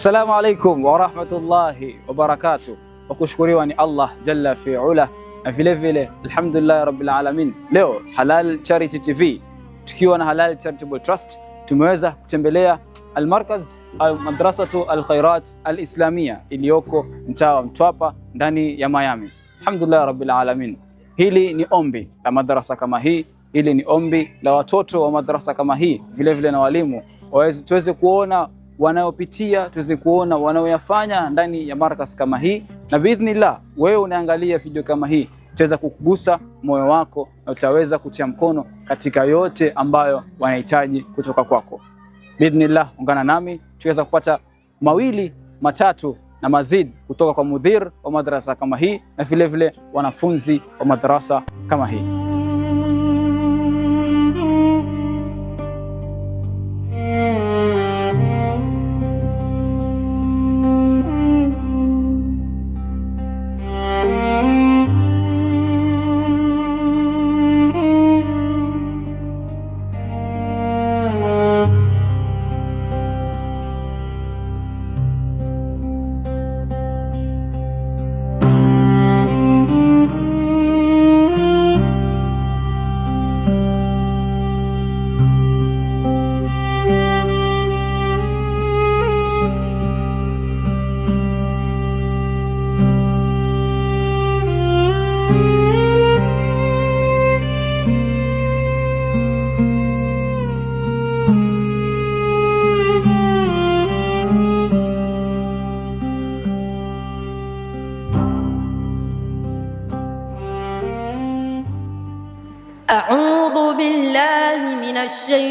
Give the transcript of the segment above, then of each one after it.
Assalamu alaikum warahmatullahi wabarakatuh. Wakushukuriwa ni Allah jalla fiula, na vile vile alhamdulillahi rabbil alamin. Leo Halal Charity TV tukiwa na Halal Charitable Trust tumeweza kutembelea Almarkaz Almadrasatu Alkhairat Alislamia iliyoko mtaa wa Mtwapa ndani ya Miami. Alhamdulillahi rabbil alamin. Hili ni ombi la madarasa kama hii, hili ni ombi la watoto wa madrasa kama hii, vile vile na walimu tuweze kuona wanayopitia tuweze kuona wanayoyafanya ndani ya markas kama hii, na biidhnillah, wewe unaangalia video kama hii utaweza kukugusa moyo wako na utaweza kutia mkono katika yote ambayo wanahitaji kutoka kwako. Biidhnillah, ungana nami tuweza kupata mawili matatu na mazid kutoka kwa mudhir wa madrasa kama hii na vilevile wanafunzi wa madrasa kama hii.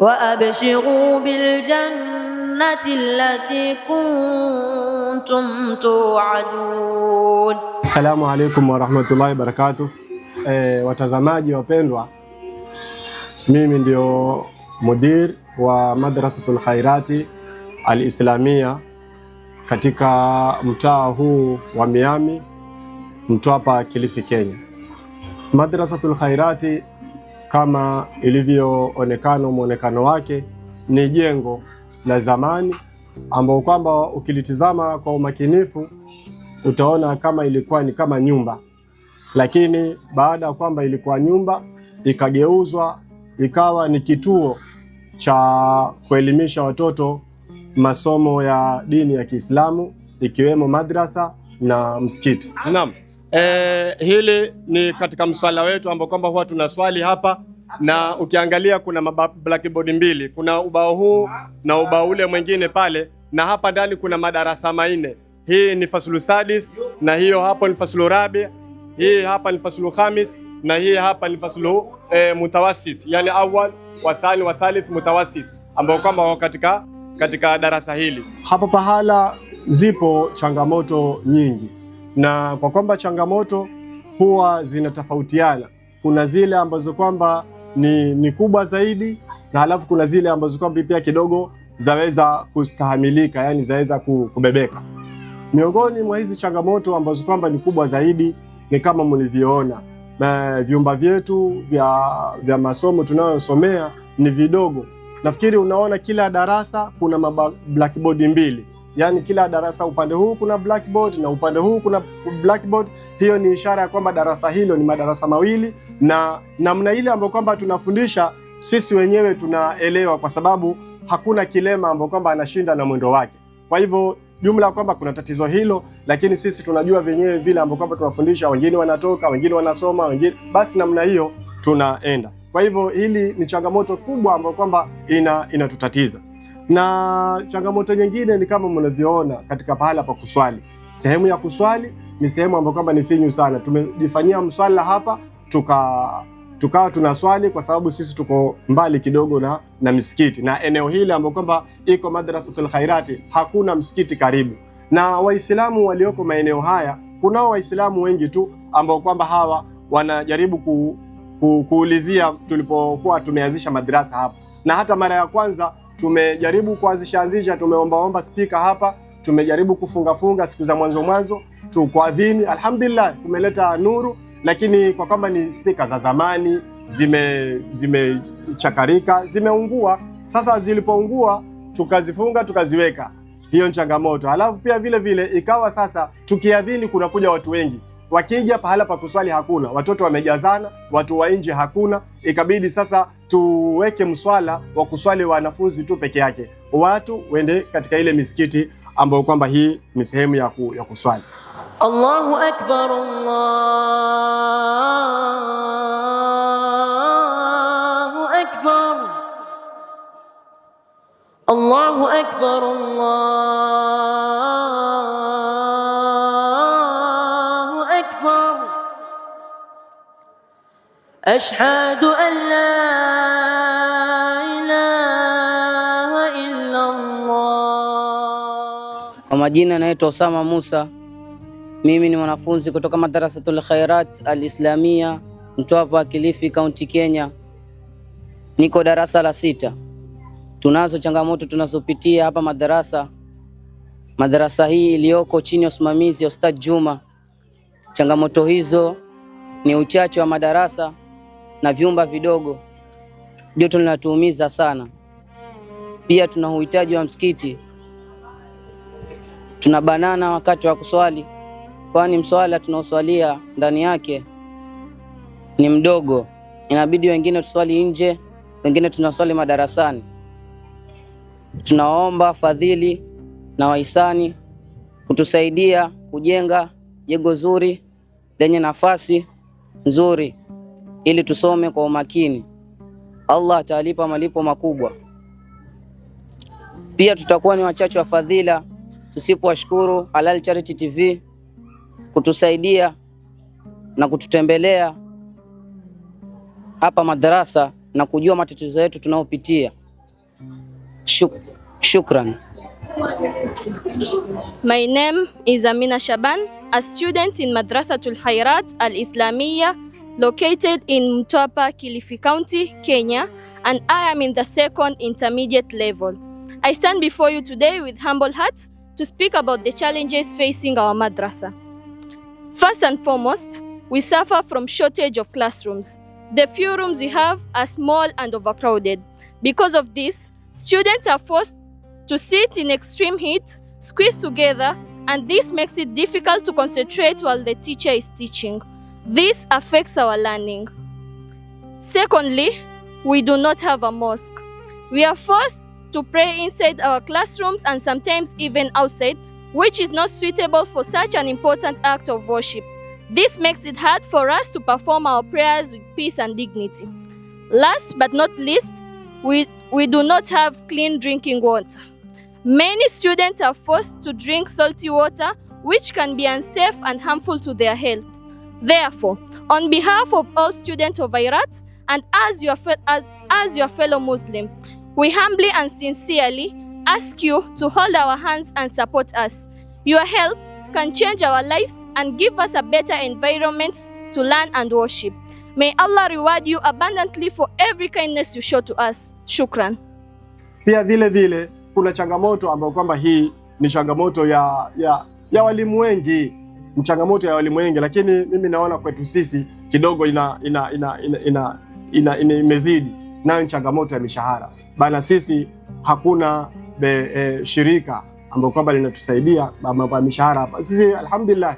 wa abshiru bil jannati allati kuntum tuadun. Assalamu alaikum warahmatullahi wabarakatuh. E, watazamaji wapendwa, mimi ndio mudir wa Madrasatul Khairati Alislamia katika mtaa huu wa Miami Mtwapa, Kilifi, Kenya. Madrasatul Khairati kama ilivyoonekana mwonekano wake, ni jengo la zamani ambao kwamba ukilitizama kwa umakinifu utaona kama ilikuwa ni kama nyumba, lakini baada ya kwamba ilikuwa nyumba ikageuzwa ikawa ni kituo cha kuelimisha watoto masomo ya dini ya Kiislamu ikiwemo madrasa na msikiti. Naam. E, hili ni katika mswala wetu ambao kwamba huwa tuna swali hapa, na ukiangalia kuna blackboard mbili, kuna ubao huu na ubao ule mwingine pale, na hapa ndani kuna madarasa manne. Hii ni fasulu sadis, na hiyo hapo ni fasulu rabi, hii hapa ni fasulu khamis, na hii hapa ni fasulu e, eh, mutawasit, yani awal wa thani wa thalith mutawasit, ambao kwamba katika katika darasa hili hapa pahala zipo changamoto nyingi na kwa kwamba changamoto huwa zinatofautiana, kuna zile ambazo kwamba ni, ni kubwa zaidi na halafu kuna zile ambazo kwamba pia kidogo zaweza kustahamilika, yani zaweza kubebeka. Miongoni mwa hizi changamoto ambazo kwamba ni kubwa zaidi ni kama mlivyoona vyumba vyetu vya, vya masomo tunayosomea ni vidogo. Nafikiri unaona kila darasa kuna blackboard mbili Yaani kila darasa upande huu kuna blackboard na upande huu kuna blackboard. Hiyo ni ishara ya kwamba darasa hilo ni madarasa mawili, na namna ile ambayo kwamba tunafundisha sisi wenyewe tunaelewa, kwa sababu hakuna kilema ambayo kwamba anashinda na mwendo wake. Kwa hivyo jumla kwamba kuna tatizo hilo, lakini sisi tunajua vyenyewe vile ambao kwamba tunafundisha, wengine wanatoka, wengine wanasoma, wengine basi, namna hiyo tunaenda. Kwa hivyo hili ni changamoto kubwa ambayo kwamba ina inatutatiza. Na changamoto nyingine ni kama mnavyoona katika pahala pa kuswali, sehemu ya kuswali ni sehemu ambayo kwamba ni finyu sana. Tumejifanyia mswala hapa tuka tukawa tuna swali kwa sababu sisi tuko mbali kidogo na, na misikiti na eneo hili ambapo kwamba iko Madrasatul Khairati hakuna msikiti karibu, na Waislamu walioko maeneo haya kunao Waislamu wengi tu ambao kwamba hawa wanajaribu ku, ku, kuulizia tulipokuwa tumeanzisha madrasa hapa, na hata mara ya kwanza tumejaribu kuanzishaanzisha, tumeombaomba spika hapa, tumejaribu kufungafunga siku za mwanzo mwanzo tukuadhini Alhamdulillah, kumeleta nuru, lakini kwa kwamba ni spika za zamani zimechakarika, zime zimeungua. Sasa zilipoungua tukazifunga tukaziweka, hiyo ni changamoto. alafu pia vile vile ikawa sasa tukiadhini kunakuja watu wengi wakija pahala pa kuswali hakuna, watoto wamejazana, watu wa nje hakuna, ikabidi sasa tuweke mswala wa kuswali wanafunzi tu peke yake, watu wende katika ile misikiti ambayo kwamba hii ni sehemu ya, ku, ya kuswali. Allahu akbar, Allahu akbar, Allahu akbar, Allah أشهد أن لا إله إلا الله. Kwa majina naitwa Osama Musa, mimi ni mwanafunzi kutoka Madrasatul Khairat Al-Islamia Mtwapa, Kilifi County, Kenya. Niko darasa la sita. Tunazo changamoto tunazopitia hapa madarasa. Madarasa hii iliyoko chini ya usimamizi wa Ustadh Juma. Changamoto hizo ni uchache wa madarasa na vyumba vidogo. Joto linatuumiza sana. Pia tuna uhitaji wa msikiti, tuna banana wakati wa kuswali, kwani mswala tunaoswalia ndani yake ni mdogo, inabidi wengine tuswali nje, wengine tunaswali madarasani. Tunaomba fadhili na wahisani kutusaidia kujenga jengo zuri lenye nafasi nzuri ili tusome kwa umakini, Allah atalipa malipo makubwa. Pia tutakuwa ni wachache wa fadhila tusipowashukuru Halal Charity TV kutusaidia na kututembelea hapa madarasa na kujua matatizo yetu tunayopitia. Shuk shukran. My name is Amina Shaban, a student in Madrasatul Hayrat al islamiyah located in Mtwapa, Kilifi County, Kenya, and I am in the second intermediate level. I stand before you today with humble hearts to speak about the challenges facing our madrasa. First and foremost, we suffer from shortage of classrooms. The few rooms we have are small and overcrowded. Because of this, students are forced to sit in extreme heat, squeezed together, and this makes it difficult to concentrate while the teacher is teaching. This affects our learning. Secondly, we do not have a mosque. We are forced to pray inside our classrooms and sometimes even outside, which is not suitable for such an important act of worship. This makes it hard for us to perform our prayers with peace and dignity. Last but not least, we, we do not have clean drinking water. Many students are forced to drink salty water, which can be unsafe and harmful to their health. Therefore, on behalf of all students of Irat and as your, as, as your fellow Muslim, we humbly and sincerely ask you to hold our hands and support us. Your help can change our lives and give us a better environment to learn and worship. May Allah reward you abundantly for every kindness you show to us. Shukran. Pia vile vile kuna changamoto ambayo kwamba hii ni changamoto ya, ya, ya walimu wengi changamoto ya walimu wengi, lakini mimi naona kwetu sisi kidogo ina ina ina ina, ina, ina, ina imezidi nayo changamoto ya mishahara bana. Sisi hakuna be, e, shirika ambayo kwamba linatusaidia mambo ya mishahara hapa. Sisi alhamdulillah,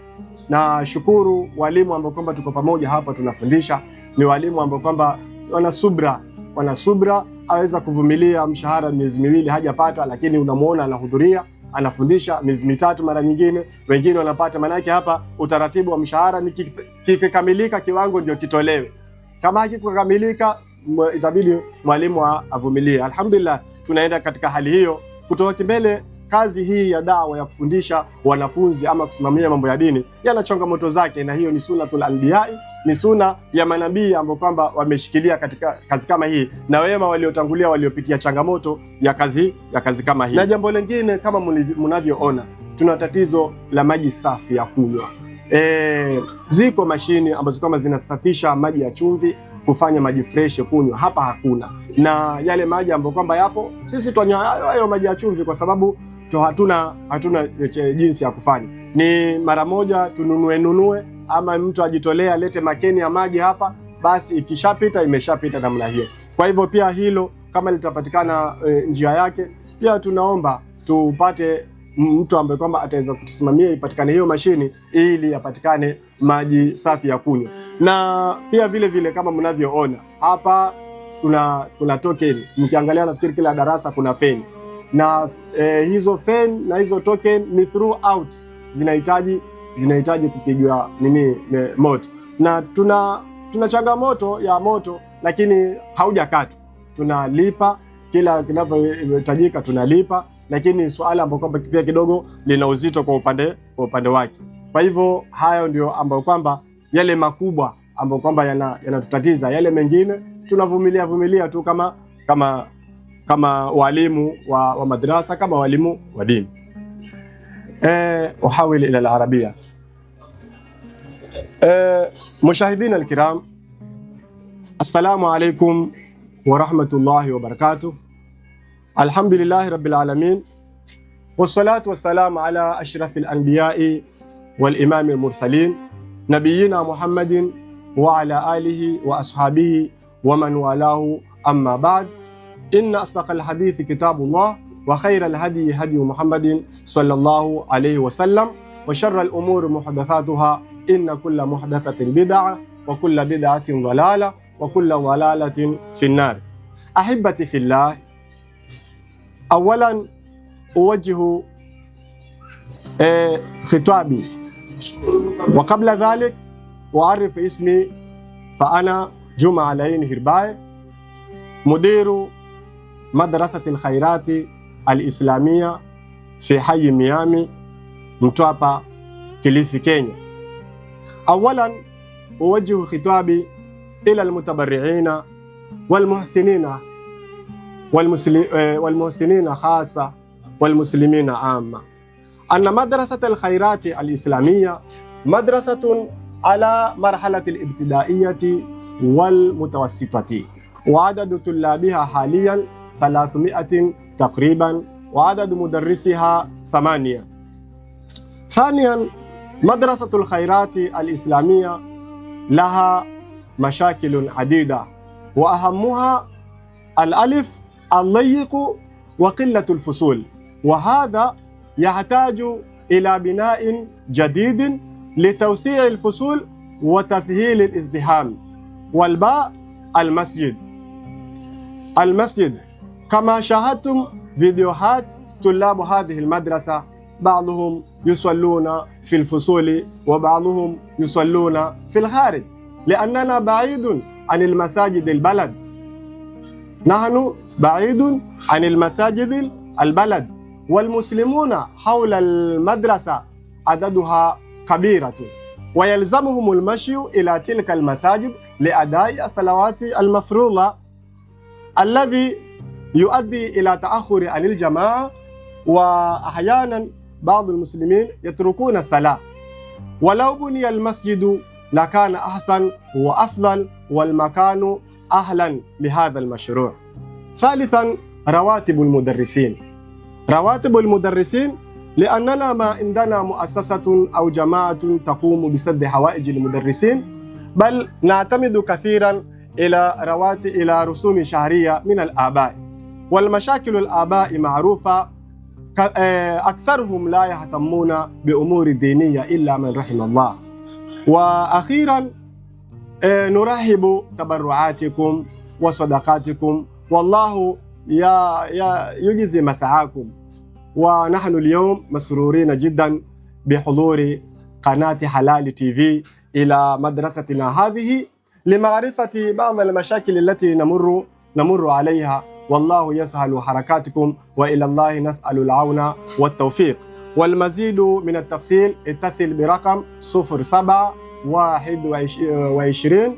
na shukuru walimu ambao kwamba tuko pamoja hapa tunafundisha, ni walimu ambao kwamba wana subra, wana subra aweza kuvumilia mshahara miezi miwili hajapata, lakini unamwona anahudhuria anafundisha miezi mitatu, mara nyingine wengine wanapata. Maanake hapa utaratibu wa mshahara ni kikikamilika kiwango ndio kitolewe, kama hakikukamilika itabidi mwalimu avumilie. Alhamdulillah, tunaenda katika hali hiyo kutoka kimbele kazi hii ya dawa ya kufundisha wanafunzi ama kusimamia mambo ya dini yana changamoto zake, na hiyo ni sunnatul anbiyai, ni suna ya manabii ambao kwamba wameshikilia katika kazi kama hii, na wema waliotangulia waliopitia changamoto ya kazi ya kazi kama hii. Na jambo lingine kama mnavyoona, tuna tatizo la maji safi ya kunywa. E, ziko mashine ambazo kama zinasafisha maji ya chumvi kufanya maji fresh kunywa, hapa hakuna. Na yale maji ambayo kwamba yapo, sisi twanywa hayo maji ya chumvi kwa sababu to hatuna hatuna eh, jinsi ya kufanya, ni mara moja tununue nunue, ama mtu ajitolee alete makeni ya maji hapa, basi ikishapita imeshapita namna hiyo. Kwa hivyo pia hilo kama litapatikana e, njia yake, pia tunaomba tupate mtu ambaye kwamba ataweza kutusimamia ipatikane hiyo mashini ili yapatikane maji safi ya kunywa. Na pia vile vile kama mnavyoona hapa kuna kuna token, mkiangalia nafikiri kila darasa kuna feni na eh, hizo fen na hizo token ni throughout zinahitaji zinahitaji kupigwa nini moto, na tuna tuna changamoto ya moto, lakini haujakatwa. Tunalipa kila kinavyohitajika, tunalipa, lakini swala ambayo kwamba pia kidogo lina uzito kwa upande kwa upande wake. Kwa hivyo hayo ndio ambayo kwamba yale makubwa ambayo kwamba yanatutatiza, yana yale mengine tunavumilia vumilia tu kama kama kama walimu wa, wa madrasa kama walimu wa dini eh, uhawili ila alarabia eh, mushahidina alkiram, assalamu alaikum wa rahmatullahi wa barakatuh. Alhamdulillahi rabbil alamin wassalatu wassalamu ala ashrafil anbiyai wal imamil mursalin nabiyina Muhammadin wa ala alihi wa ashabihi wa man walahu amma ba'd إن أصدق الحديث كتاب الله وخير الهدي هدي محمد صلى الله عليه وسلم وشر الأمور محدثاتها إن كل محدثة بدعة وكل بدعة ضلالة وكل ضلالة في النار أحبتي في الله أولا أوجه آه، خطابي وقبل ذلك أعرف اسمي فأنا جمعة العين هرباي مدير مدرسة الخيرات الإسلامية في حي ميامي متوابا كليفي كينيا أولا أوجه خطابي إلى المتبرعين والمحسنين آه، والمحسنين خاصة والمسلمين عامة أن مدرسة الخيرات الإسلامية مدرسة على مرحلة الابتدائية والمتوسطة وعدد طلابها حاليا 300 تقريبا وعدد مدرسها ثمانية ثانيا مدرسة الخيرات الإسلامية لها مشاكل عديدة وأهمها الألف الليق وقلة الفصول وهذا يحتاج إلى بناء جديد لتوسيع الفصول وتسهيل الازدحام والباء المسجد المسجد كما شاهدتم فيديوهات طلاب هذه المدرسة بعضهم يصلون في الفصول وبعضهم يصلون في الخارج لأننا بعيد عن المساجد البلد نحن بعيد عن المساجد البلد والمسلمون حول المدرسة عددها كبيرة ويلزمهم المشي إلى تلك المساجد لأداء الصلوات المفروضة الذي يؤدي إلى تأخر عن الجماعة وأحيانا بعض المسلمين يتركون الصلاة ولو بني المسجد لكان أحسن وأفضل والمكان أهلا لهذا المشروع ثالثا رواتب المدرسين رواتب المدرسين لأننا ما عندنا مؤسسة أو جماعة تقوم بسد حوائج المدرسين بل نعتمد كثيرا إلى رواتب إلى رسوم شهرية من الآباء والمشاكل الآباء معروفة آه، أكثرهم لا يهتمون بأمور دينية إلا من رحم الله وأخيرا آه، نرحب تبرعاتكم وصدقاتكم والله يا يجزي مسعاكم ونحن اليوم مسرورين جدا بحضور قناة حلال تي في إلى مدرستنا هذه لمعرفة بعض المشاكل التي نمر نمر عليها والله يسهل حركاتكم والى الله نسال العون والتوفيق والمزيد من التفصيل اتصل برقم 07 21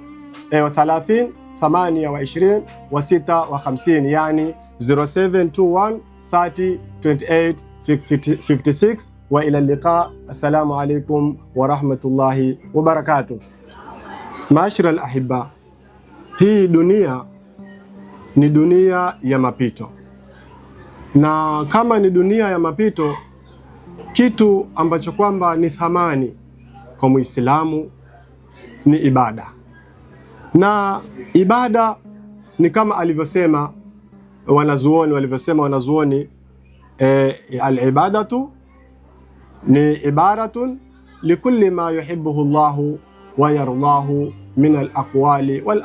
30 28 و56 يعني 0721 30 28 56 والى اللقاء السلام عليكم ورحمه الله وبركاته. معاشر الاحبه هي دنيا ni dunia ya mapito, na kama ni dunia ya mapito, kitu ambacho kwamba ni thamani kwa Muislamu ni ibada, na ibada ni kama alivyosema wanazuoni walivyosema wanazuoni e, alibadatu ni ibaratun likulli ma yuhibbuhu Allahu wa yardahu min alaqwali wal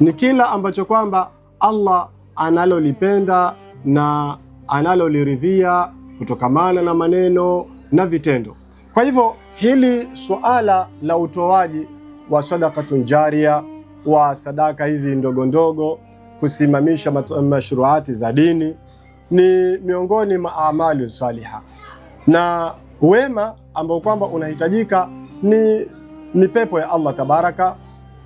ni kila ambacho kwamba Allah analolipenda na analoliridhia kutokamana na maneno na vitendo. Kwa hivyo hili suala la utoaji wa sadakatun jaria wa sadaka hizi ndogo ndogo, kusimamisha mashruati za dini ni miongoni mwa amali saliha, na wema ambao kwamba unahitajika ni, ni pepo ya Allah tabaraka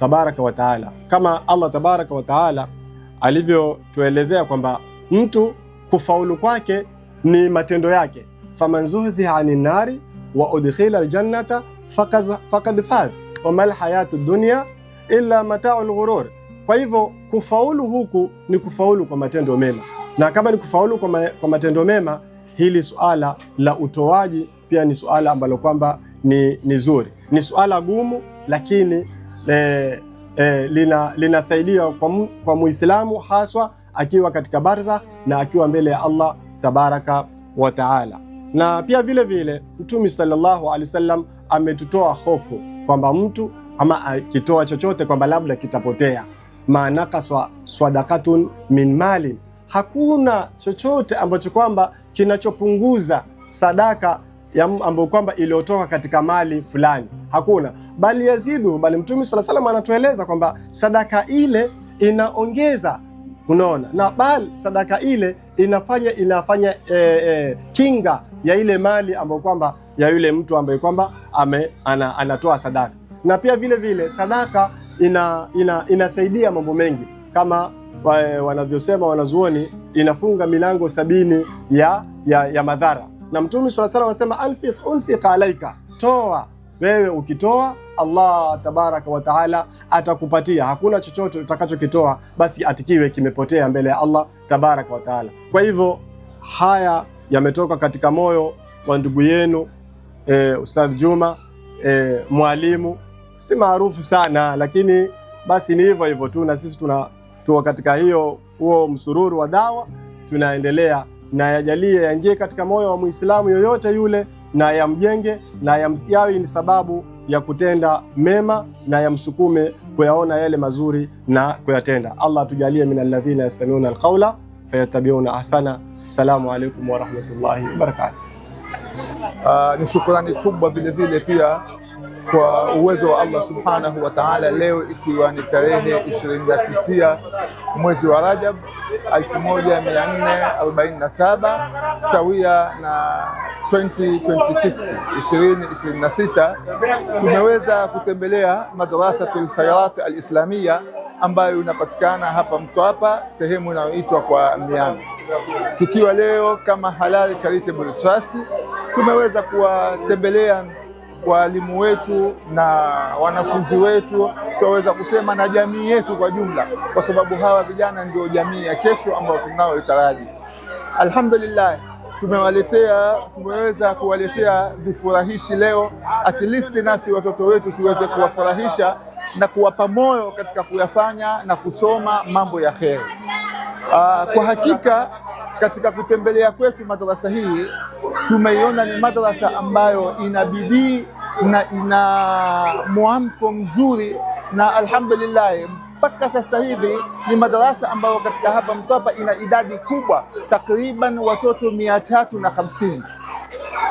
tabaraka wa taala, kama Allah tabaraka wa taala alivyotuelezea kwamba mtu kufaulu kwake ni matendo yake, faman zuhziha ani nari wa udkhila aljannata faqad faz wama lhayatu dunya illa matau lghurur. Kwa hivyo kufaulu huku ni kufaulu kwa matendo mema, na kama ni kufaulu kwa, ma kwa matendo mema, hili suala la utoaji pia ni suala ambalo kwamba ni, ni zuri, ni suala gumu, lakini e, e, lina, linasaidia kwa, kwa Muislamu haswa akiwa katika barzakh na akiwa mbele ya Allah tabaraka wa taala. Na pia vile vile Mtume sallallahu alaihi wasallam ametutoa hofu kwamba mtu ama akitoa chochote kwamba labda kitapotea, manakaswa swadakatun min mali hakuna chochote ambacho kwamba kinachopunguza sadaka ambayo kwamba iliyotoka katika mali fulani, hakuna bali yazidu, bali Mtume sala salam anatueleza kwamba sadaka ile inaongeza Unaona, na bali sadaka ile inafanya inafanya e, e, kinga ya ile mali ambayo kwamba ya yule mtu ambaye kwamba ame, ana, anatoa sadaka. Na pia vile vile sadaka ina, ina, inasaidia mambo mengi kama wanavyosema wanazuoni, inafunga milango sabini ya, ya, ya madhara na Mtume sala alayhi anasema alfiq unfiq alaika, toa wewe. Ukitoa Allah tabaraka wa taala atakupatia. Hakuna chochote utakachokitoa basi atikiwe kimepotea mbele ya Allah tabaraka wa taala. Kwa hivyo haya yametoka katika moyo wa ndugu yenu e, Ustadh Juma e, mwalimu si maarufu sana, lakini basi ni hivyo hivyo tu, na sisi tuna tuko katika hiyo huo msururu wa dawa tunaendelea na yajalie yaingie katika moyo wa Muislamu yoyote yule, na yamjenge na yawe ni sababu ya kutenda mema na yamsukume kuyaona yale mazuri na kuyatenda. Allah tujalie min alladhina yastamiuna alqaula fayatabiuna ahsana. Assalamu alaikum warahmatullahi wabarakatuh. Uh, ah, ni shukrani kubwa vile pia kwa uwezo wa Allah subhanahu wa taala, leo ikiwa ni tarehe 29 mwezi wa Rajab 1447 sawia na 2026 2026, tumeweza kutembelea Madrasatul Khairat islamia ambayo inapatikana hapa Mtwapa, sehemu inayoitwa kwa Miami. Tukiwa leo kama Halal Charitable Trust tumeweza kuwatembelea walimu wetu na wanafunzi wetu, tunaweza kusema na jamii yetu kwa jumla, kwa sababu hawa vijana ndio jamii ya kesho ambayo tunaoitaraji. Alhamdulillah, tumewaletea tumeweza kuwaletea vifurahishi leo, at least nasi watoto wetu tuweze kuwafurahisha na kuwapa moyo katika kuyafanya na kusoma mambo ya kheri. Ah, kwa hakika katika kutembelea kwetu madarasa hii tumeiona ni madarasa ambayo ina bidii na ina mwamko mzuri, na alhamdulillah mpaka sasa hivi ni madarasa ambayo katika hapa Mtwapa ina idadi kubwa, takriban watoto mia tatu na hamsini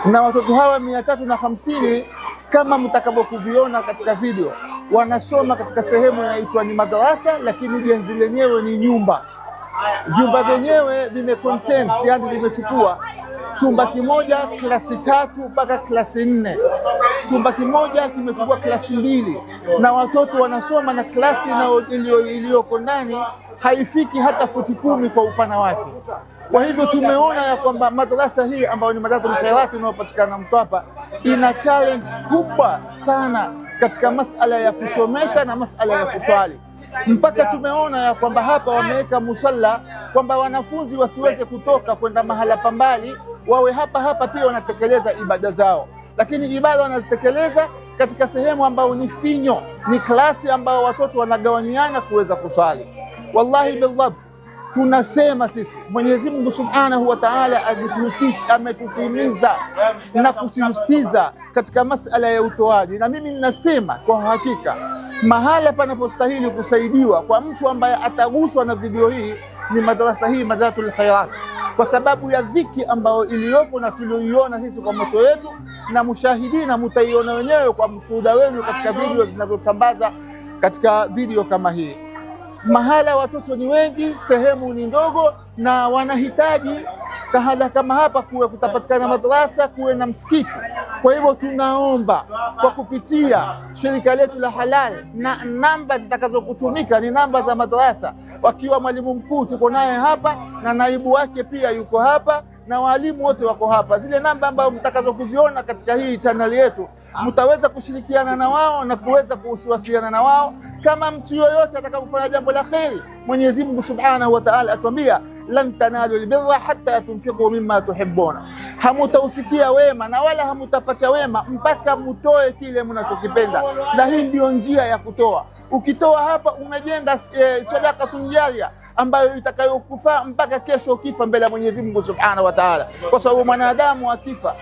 na watoto hawa mia tatu na hamsini kama mtakavyokuviona katika video, wanasoma katika sehemu inaitwa ni madarasa, lakini jenzi lenyewe ni nyumba vyumba vyenyewe vime content, yani vimechukua chumba kimoja klasi tatu mpaka klasi nne, chumba kimoja kimechukua klasi mbili, na watoto wanasoma na klasi iliyoko ndani haifiki hata futi kumi kwa upana wake. Kwa hivyo tumeona ya kwamba madarasa hii ambayo ni madarasa Khairati inayopatikana Mtwapa ina challenge kubwa sana katika masala ya kusomesha na masala ya kuswali mpaka tumeona ya kwamba hapa wameweka musalla kwamba wanafunzi wasiweze kutoka kwenda mahala pambali, wawe hapa hapa pia wanatekeleza ibada zao, lakini ibada wanazitekeleza katika sehemu ambayo ni finyo, ni klasi ambayo watoto wanagawanyana kuweza kusali. Wallahi billah tunasema sisi Mwenyezi Mungu Subhanahu wa Ta'ala ametuhimiza na kusisitiza katika masala ya utoaji, na mimi ninasema kwa hakika mahala panapostahili kusaidiwa kwa mtu ambaye ataguswa na video hii ni madarasa hii Madrasatul Khairat, kwa sababu ya dhiki ambayo iliyopo na tulioiona sisi kwa macho yetu, na mushahidina mutaiona wenyewe kwa mshuhuda wenu katika video zinazosambaza katika video kama hii mahala watoto ni wengi, sehemu ni ndogo, na wanahitaji tahala kama hapa kuwe kutapatikana madrasa, kuwe na msikiti. Kwa hivyo tunaomba kwa kupitia shirika letu la Halal, na namba zitakazokutumika ni namba za madrasa, wakiwa mwalimu mkuu tuko naye hapa na naibu wake pia yuko hapa na walimu wote wako hapa. Zile namba ambazo mtakazo kuziona katika hii channel yetu, mtaweza kushirikiana na wao na kuweza kuwasiliana na wao. Kama mtu yoyote ataka kufanya jambo la kheri, Mwenyezi Mungu Subhanahu wa Ta'ala atuambia, lan tanalu albirra hatta tunfiqu mimma tuhibbuna, hamutaufikia wema na wala hamutapata wema mpaka mtoe kile mnachokipenda, na hii ndio njia ya kutoa. Ukitoa hapa umejenga e, eh, sadaka tunjaria ambayo itakayokufaa mpaka kesho ukifa mbele ya Mwenyezi Mungu Subhanahu wa Ta'ala taala, kwa sababu mwanadamu akifa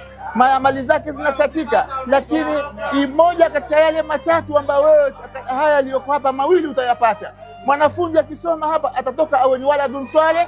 mali zake zinakatika, lakini imoja katika yale matatu ambayo wewe haya yaliyoko hapa mawili utayapata. Mwanafunzi akisoma hapa atatoka awe ni waladun saleh.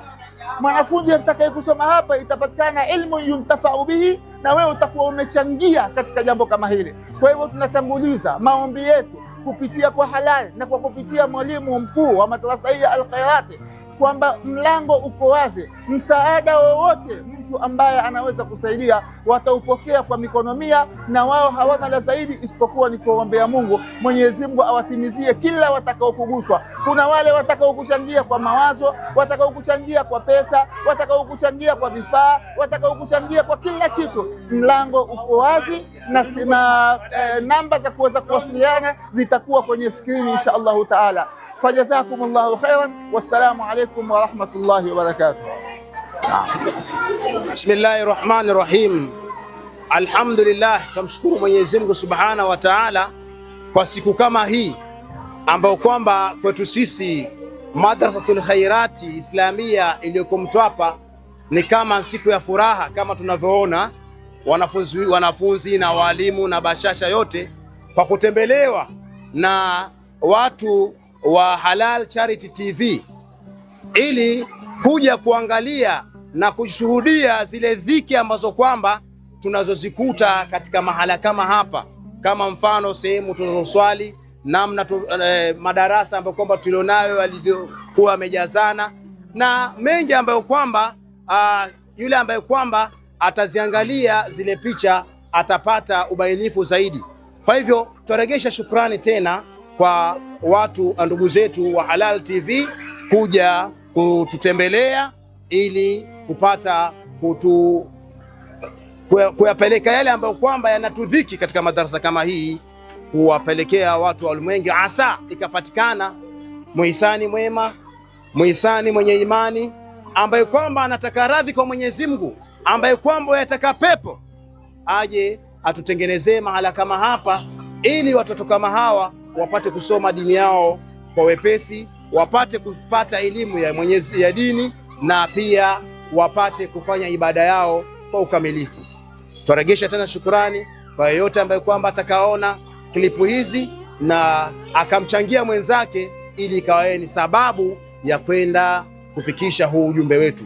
Mwanafunzi atakaye kusoma hapa itapatikana ilmu yuntafau bihi, na wewe utakuwa umechangia katika jambo kama hili. Kwa hivyo tunatanguliza maombi yetu kupitia kwa halal na kwa kupitia mwalimu mkuu wa madrasa hii ya Alkhairati kwamba mlango uko wazi, msaada wowote mtu ambaye anaweza kusaidia wataupokea kwa mikono mia, na wao hawana la zaidi isipokuwa ni kuombea Mungu Mwenyezi Mungu awatimizie kila watakaokuguswa. Kuna wale watakaokuchangia kwa mawazo, watakaokuchangia kwa pesa, watakaokuchangia kwa vifaa, watakaokuchangia kwa kila kitu. Mlango uko wazi na, na e, namba za kuweza kuwasiliana zitakuwa kwenye skrini insha Allahu taala. Fajazakum llahu khairan, wassalamu alaikum warahmatullahi wabarakatuh. Bismillahi rahmani rahim. Alhamdulillah, tumshukuru Mwenyezi Mungu subhanahu wa taala kwa siku kama hii ambayo kwamba kwetu sisi Madrasatul Khairati Islamia iliyoko Mtwapa ni kama siku ya furaha kama tunavyoona wanafunzi, wanafunzi na walimu na bashasha yote kwa kutembelewa na watu wa Halal Charity TV ili kuja kuangalia na kushuhudia zile dhiki ambazo kwamba tunazozikuta katika mahala kama hapa, kama mfano sehemu tunazoswali, namna tu, eh, madarasa ambayo kwamba tulionayo yalivyokuwa yamejazana na mengi ambayo kwamba uh, yule ambayo kwamba ataziangalia zile picha, atapata ubainifu zaidi. Kwa hivyo twaregesha shukrani tena kwa watu na ndugu zetu wa Halal TV kuja kututembelea ili kupata kutu kuyapeleka yale ambayo kwamba yanatudhiki katika madarasa kama hii, kuwapelekea watu wa ulimwengu, hasa ikapatikana muhisani mwema, muhisani mwenye imani ambaye kwamba anataka radhi kwa Mwenyezi Mungu ambaye kwamba yataka pepo aje atutengenezee mahala kama hapa, ili watoto kama hawa wapate kusoma dini yao kwa wepesi, wapate kupata elimu ya Mwenyezi ya dini, na pia wapate kufanya ibada yao kwa ukamilifu. Twaregesha tena shukurani kwa yeyote ambaye kwamba atakaona klipu hizi na akamchangia mwenzake, ili ikawa ni sababu ya kwenda kufikisha huu ujumbe wetu.